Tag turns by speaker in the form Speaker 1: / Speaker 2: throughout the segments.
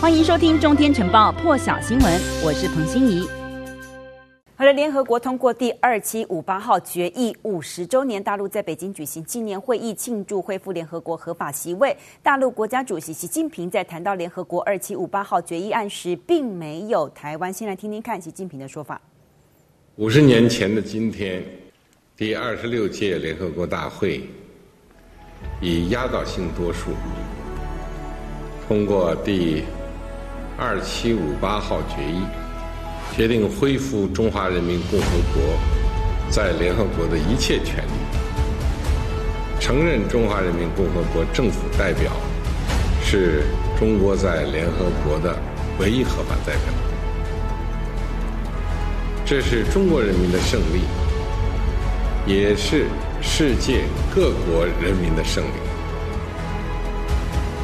Speaker 1: 歡迎收聽《中天晨報》破曉新聞，我是彭心怡。好了，聯合國通過第二七五八號決議五十周年，大陸在北京舉行紀念會議，慶祝恢復聯合國合法席位。大陸國家主席習近平在談到聯合國二七五八號決議案時，並沒有台灣。先來聽聽看習近平的說法。
Speaker 2: 五十年前的今天，第二十六屆聯合國大會以壓倒性多數通過第。二七五八號決議，決定恢復中華人民共和國在聯合國的一切權利，承認中華人民共和國政府代表是中國在聯合國的唯一合法代表。這是中國人民的勝利，也是世界各國人民的勝利。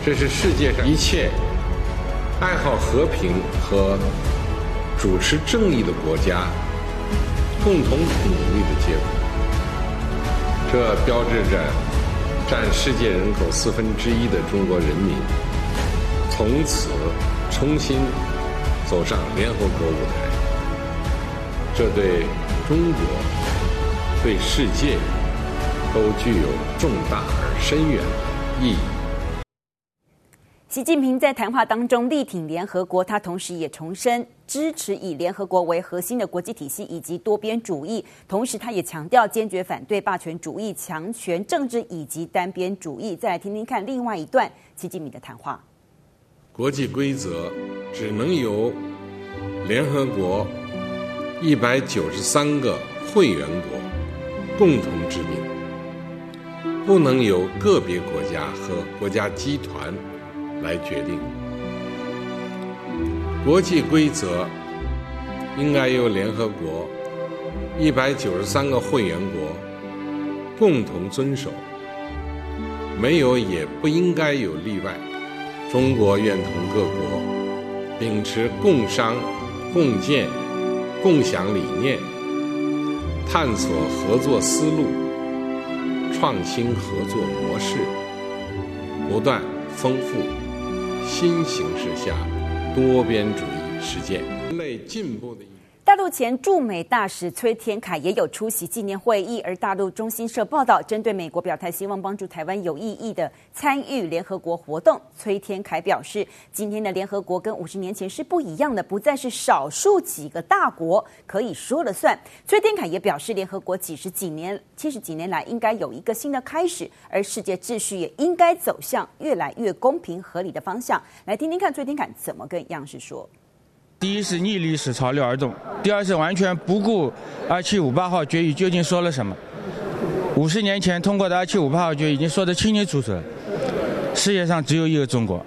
Speaker 2: 這是世界上一切。愛好和平和主持正義的國家共同努力的結果，這標誌着占世界人口四分之一的中國人民從此重新走上聯合國舞台。這對中國、對世界都具有重大而深遠的意義。
Speaker 1: 習近平在談話當中力挺聯合國，他同時也重申支持以聯合國為核心的國際體系以及多邊主義，同時他也強調堅決反對霸權主義、強權政治以及單邊主義。再來聽聽看另外一段習近平的談話：
Speaker 2: 國際規則只能由聯合國一百九十三個會員國共同制定，不能由個別國家和國家集團，來決定，國際規則應該由聯合國一百九十三個會員國共同遵守，沒有也不應該有例外。中國願同各國秉持共商、共建、共享理念，探索合作思路，創新合作模式，不斷豐富。新形勢下多邊主義實踐，人類進步的。
Speaker 1: 大陸前駐美大使崔天凱也有出席紀念會議，而大陸中新社報道，針對美國表態，希望幫助台灣有意義的參與聯合國活動。崔天凱表示，今天的聯合國跟五十年前是不一樣的，不再是少數幾個大國可以說了算。崔天凱也表示，聯合國幾十幾年、七十幾年來，應該有一個新的開始，而世界秩序也應該走向越來越公平合理的方向。來聽聽看崔天凱怎麼跟央視說。
Speaker 2: 第一是逆歷史潮流而動，第二是完全不顧《二七五八號決議》究竟說了什麼。五十年前通過的《二七五八號決議》已經說得清清楚楚了，世界上只有一個中國。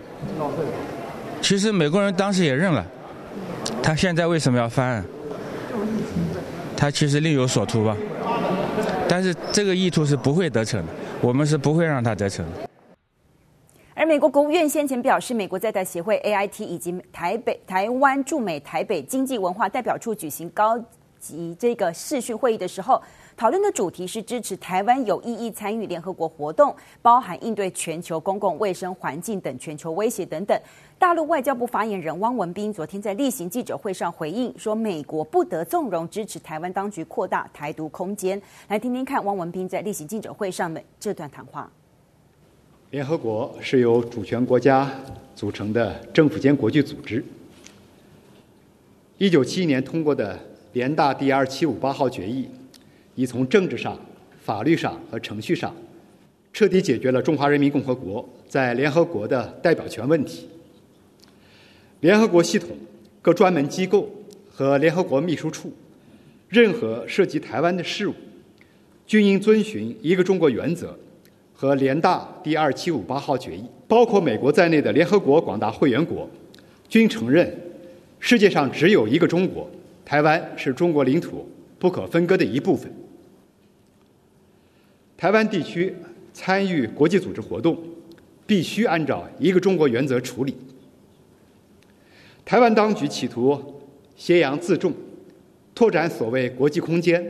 Speaker 2: 其實美國人當時也認了，他現在為什麼要翻案？他其實另有所圖吧。但是這個意圖是不會得逞的，我們是不會讓他得逞的。
Speaker 1: 美國國務院先前表示，美國在台協會 AIT 以及台北台灣駐美台北經濟文化代表處舉行高級這個視訊會議的時候，討論的主題是支持台灣有意義參與聯合國活動，包含應對全球公共衛生、環境等全球威脅等等。大陸外交部發言人汪文斌昨天在例行記者會上回應說：“美國不得縱容支持台灣當局擴大台獨空間。”來聽聽看汪文斌在例行記者會上的這段談話。
Speaker 3: 聯合國是由主權國家組成的政府間國際組織。1971年通過的聯大第2758號決議，已從政治上、法律上和程序上，徹底解決了中華人民共和國在聯合國的代表權問題。聯合國系統各專門機構和聯合國秘書處，任何涉及台灣的事務，均應遵循一個中國原則。和聯大第二七五八號決議，包括美國在內的聯合國廣大會員國，均承認世界上只有一個中國，台灣是中國領土不可分割的一部分。台灣地區參與國際組織活動，必須按照一個中國原則處理。台灣當局企圖挾洋自重，拓展所謂國際空間，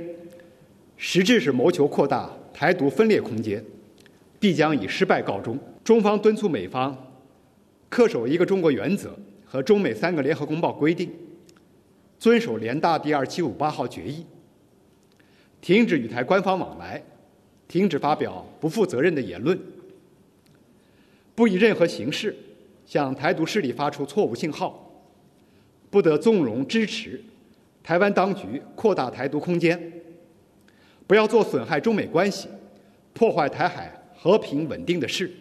Speaker 3: 實質是謀求擴大台獨分裂空間。必將以失敗告終。中方敦促美方恪守一個中國原則和中美三個聯合公報規定，遵守聯大第二七五八號決議，停止與台官方往來，停止發表不負責任的言論，不以任何形式向台獨勢力發出錯誤信號，不得縱容支持台灣當局擴大台獨空間，不要做損害中美關係、破壞台海。和平穩定的事。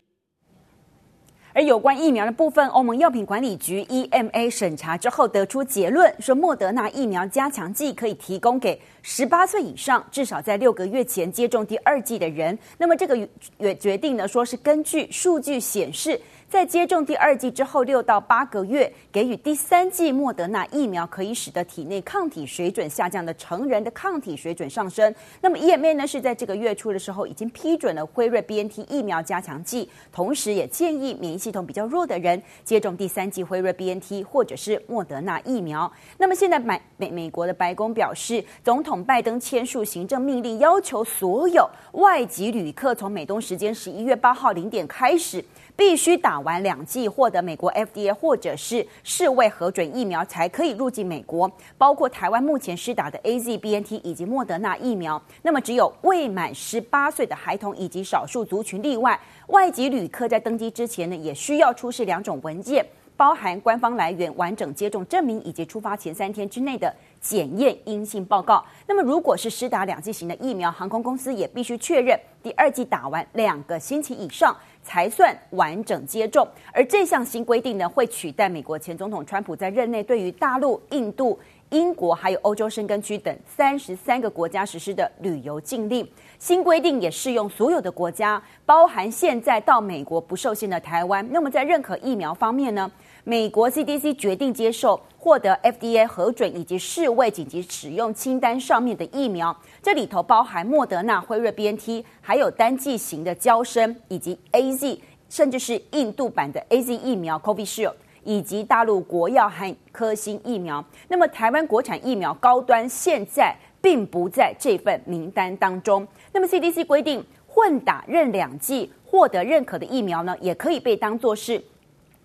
Speaker 1: 而有關疫苗的部分，歐盟藥品管理局 EMA 審查之後得出結論，說莫德納疫苗加強劑可以提供給。十八歲以上，至少在六個月前接種第二劑的人，那麼這個決決定呢，說是根據數據顯示，在接種第二劑之後六到八個月，給予第三劑莫德納疫苗，可以使得體內抗體水準下降的成人的抗體水準上升。那麼 EMA 呢，是在這個月初的時候已經批准了輝瑞 BNT 疫苗加強劑，同時也建議免疫系統比較弱的人接種第三劑輝瑞 BNT 或者是莫德納疫苗。那麼現在美美美國的白宮表示，總統。拜登簽署行政命令，要求所有外籍旅客從美東時間十一月八號零點開始，必須打完兩劑獲得美國 FDA 或者是世衛核准疫苗，才可以入境美國。包括台灣目前施打的 AZ BNT 以及莫德納疫苗。那麼，只有未滿十八歲的孩童以及少數族群例外，外，外籍旅客在登機之前呢，也需要出示兩種文件。包含官方來源完整接種證明以及出發前三天之內的檢驗陰性報告。那麼，如果是施打兩劑型的疫苗，航空公司也必須確認第二劑打完兩個星期以上才算完整接種。而這項新規定呢，會取代美國前總統川普在任內對於大陸、印度、。英國還有歐洲申根區等三十三個國家實施的旅遊禁令，新規定也適用所有的國家，包含現在到美國不受限的台灣。那麼在認可疫苗方面呢，美國 CDC 決定接受獲得 FDA 核准以及世衛緊急使用清單上面的疫苗，這裡頭包含莫德納、輝瑞、BNT，還有單劑型的嬌生以及 AZ，甚至是印度版的 AZ 疫苗 Covishield。COVID 以及大陸國藥和科興疫苗，那麼台灣國產疫苗高端現在並不在這份名單當中。那麼 CDC 規定，混打任兩劑獲得認可的疫苗呢，也可以被當作是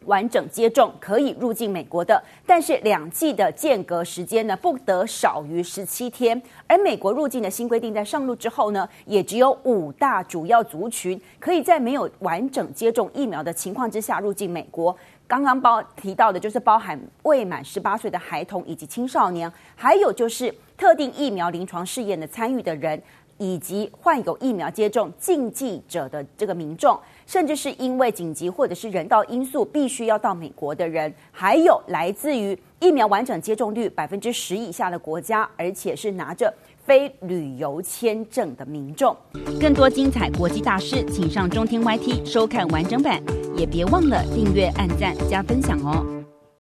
Speaker 1: 完整接種，可以入境美國的。但是兩劑的間隔時間呢，不得少於十七天。而美國入境的新規定在上路之後呢，也只有五大主要族群可以在沒有完整接種疫苗的情況之下入境美國。剛剛包提到的，就是包含未滿十八歲的孩童以及青少年，還有就是特定疫苗臨床試驗的參與的人，以及患有疫苗接種禁忌者的這個民眾，甚至是因為緊急或者是人道因素必須要到美國的人，還有來自於疫苗完整接種率百分之十以下的國家，而且是拿着。非旅遊簽證的民眾，更多精彩國際大師，請上中天 YT 收看完整版，也別忘了訂閱、按讚、加分享哦。